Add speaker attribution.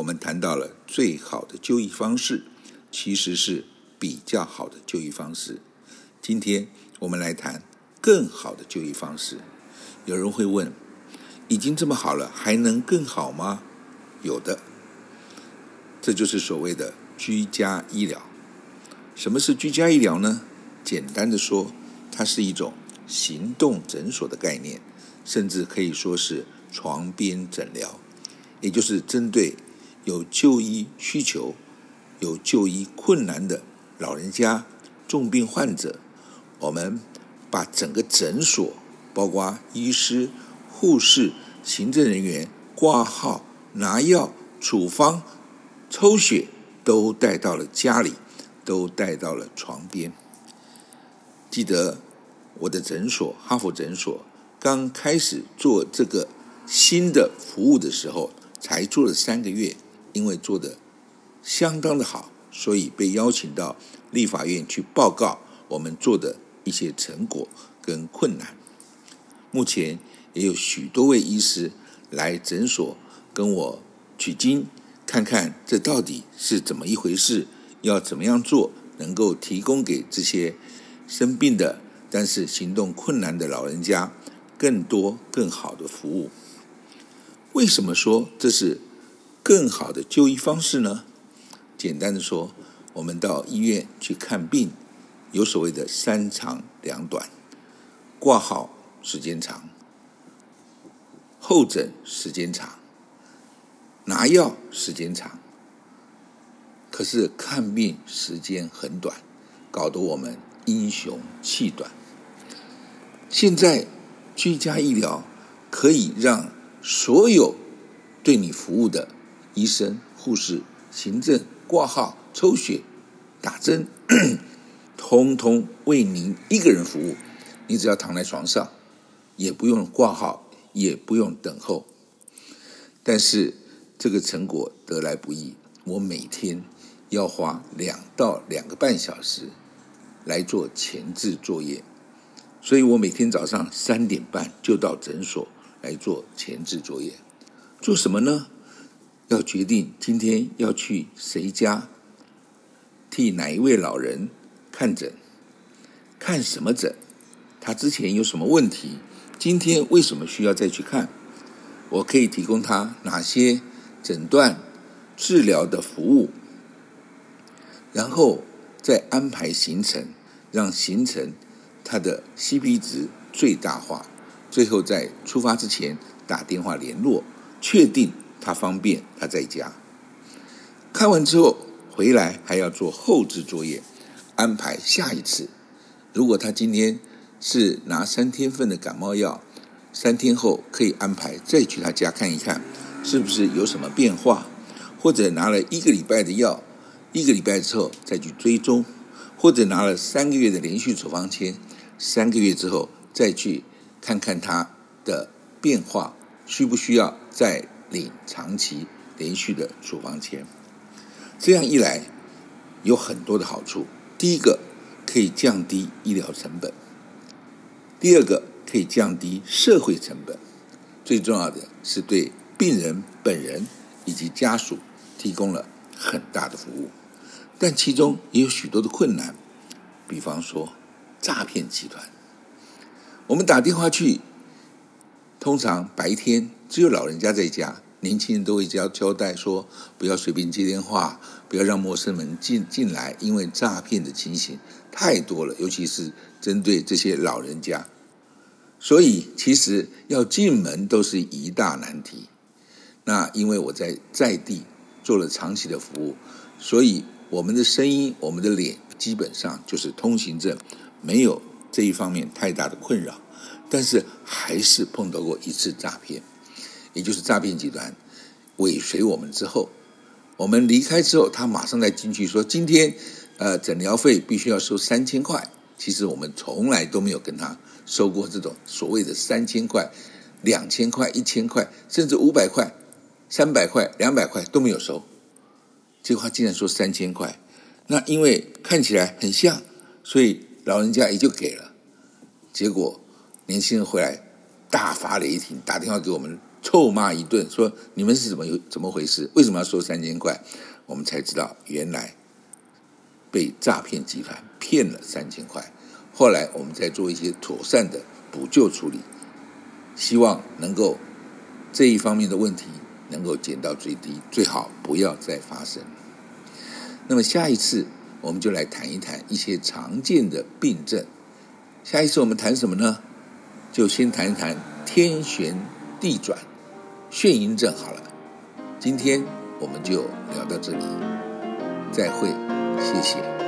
Speaker 1: 我們談到了最好的就醫方式，其實是比較好的就醫方式。今天我們來談更好的就醫方式。有人會問：已經這麼好了，還能更好嗎？有的，這就是所謂的居家醫療。什麼是居家醫療呢？簡單的說，它是一種行動診所的概念，甚至可以說是床邊診療，也就是針對。有就醫需求、有就醫困難的老人家、重病患者，我們把整個診所，包括醫師、護士、行政人員、掛號、拿藥、處方、抽血，都帶到了家裡，都帶到了床邊。記得我的診所，哈佛診所，剛開始做這個新的服務的時候，才做了三個月。因為做的相當的好，所以被邀請到立法院去報告我們做的一些成果跟困難。目前也有許多位醫師來診所跟我取經，看看這到底是怎麼一回事，要怎麼樣做能夠提供給這些生病的但是行動困難的老人家更多更好的服務。為什麼說這是？更好的就醫方式呢？簡單的說，我們到醫院去看病，有所謂的三長兩短，掛號時間長，候診時間長，拿藥時間長，可是看病時間很短，搞得我們英雄氣短。現在居家醫療可以讓所有對你服務的。醫生、護士、行政、掛號、抽血、打針，通通為您一個人服務。你只要躺在床上，也不用掛號，也不用等候。但是這個成果得來不易，我每天要花兩到兩個半小時來做前置作業，所以我每天早上三點半就到診所來做前置作業。做什麼呢？要決定今天要去誰家，替哪一位老人看診，看什麼診，他之前有什麼問題，今天為什麼需要再去看？我可以提供他哪些診斷、治療的服務，然後再安排行程，讓行程他的 CP 值最大化。最後在出發之前打電話聯絡，確定。他方便，他在家。看完之後回來還要做後置作業，安排下一次。如果他今天是拿三天份的感冒藥，三天後可以安排再去他家看一看，是不是有什麼變化？或者拿了一個禮拜的藥，一個禮拜之後再去追蹤；或者拿了三個月的連續處方签，三個月之後再去看看他的變化，需不需要再。領長期連續的處方籤。這樣一來有很多的好處第一個可以降低醫療成本，第二個可以降低社會成本，最重要的是對病人本人以及家屬提供了很大的服務。但其中也有許多的困難，比方說詐騙集團。我們打電話去，通常白天，只有老人家在家，年輕人都會交交代說，不要隨便接電話，不要讓陌生人進進來，因為詐騙的情形太多了，尤其是針對這些老人家。所以，其實要進門都是一大難題。那因為我在在地做了長期的服務，所以我們的聲音、我們的臉基本上就是通行證，沒有這一方面太大的困擾。但是，還是碰到過一次詐騙。也就是詐騙集團尾隨我們之後，我們離開之後，他馬上再進去說：“今天呃，診療費必須要收三千塊。”其實我們從來都沒有跟他收過這種所謂的三千塊、兩千塊、一千塊，甚至五百塊、三百塊、兩百塊都沒有收。結果他竟然說三千塊，那因為看起來很像，所以老人家也就給了。結果年輕人回來大發雷霆，打電話給我們。臭罵一頓，說你們是怎麼怎麼回事？為什麼要收三千塊？我們才知道原來被詐騙集團騙了三千塊。後來我們再做一些妥善的補救處理，希望能夠這一方面的問題能夠減到最低，最好不要再發生。那麼下一次我們就來談一談一些常見的病症。下一次我們談什麼呢？就先談一談天旋地轉。眩暈症，好了，今天我們就聊到這裡，再會，謝謝。